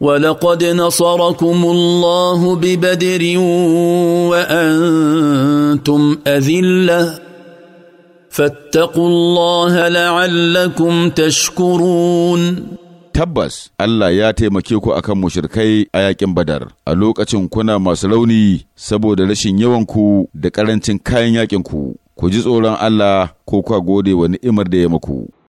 ولقد نصركم الله bi وانتم اذله فاتقوا الله لعلكم تشكرون tabbas Allah ya taimake ku akan mushrikai a yakin Badar a lokacin kuna masu rauni saboda rashin yawanku da ƙarancin kayan yakin ku ku ji tsoron Allah ko kwa gode wa ni'imar da ya maku.